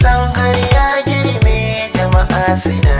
mun ya girme jama'a suna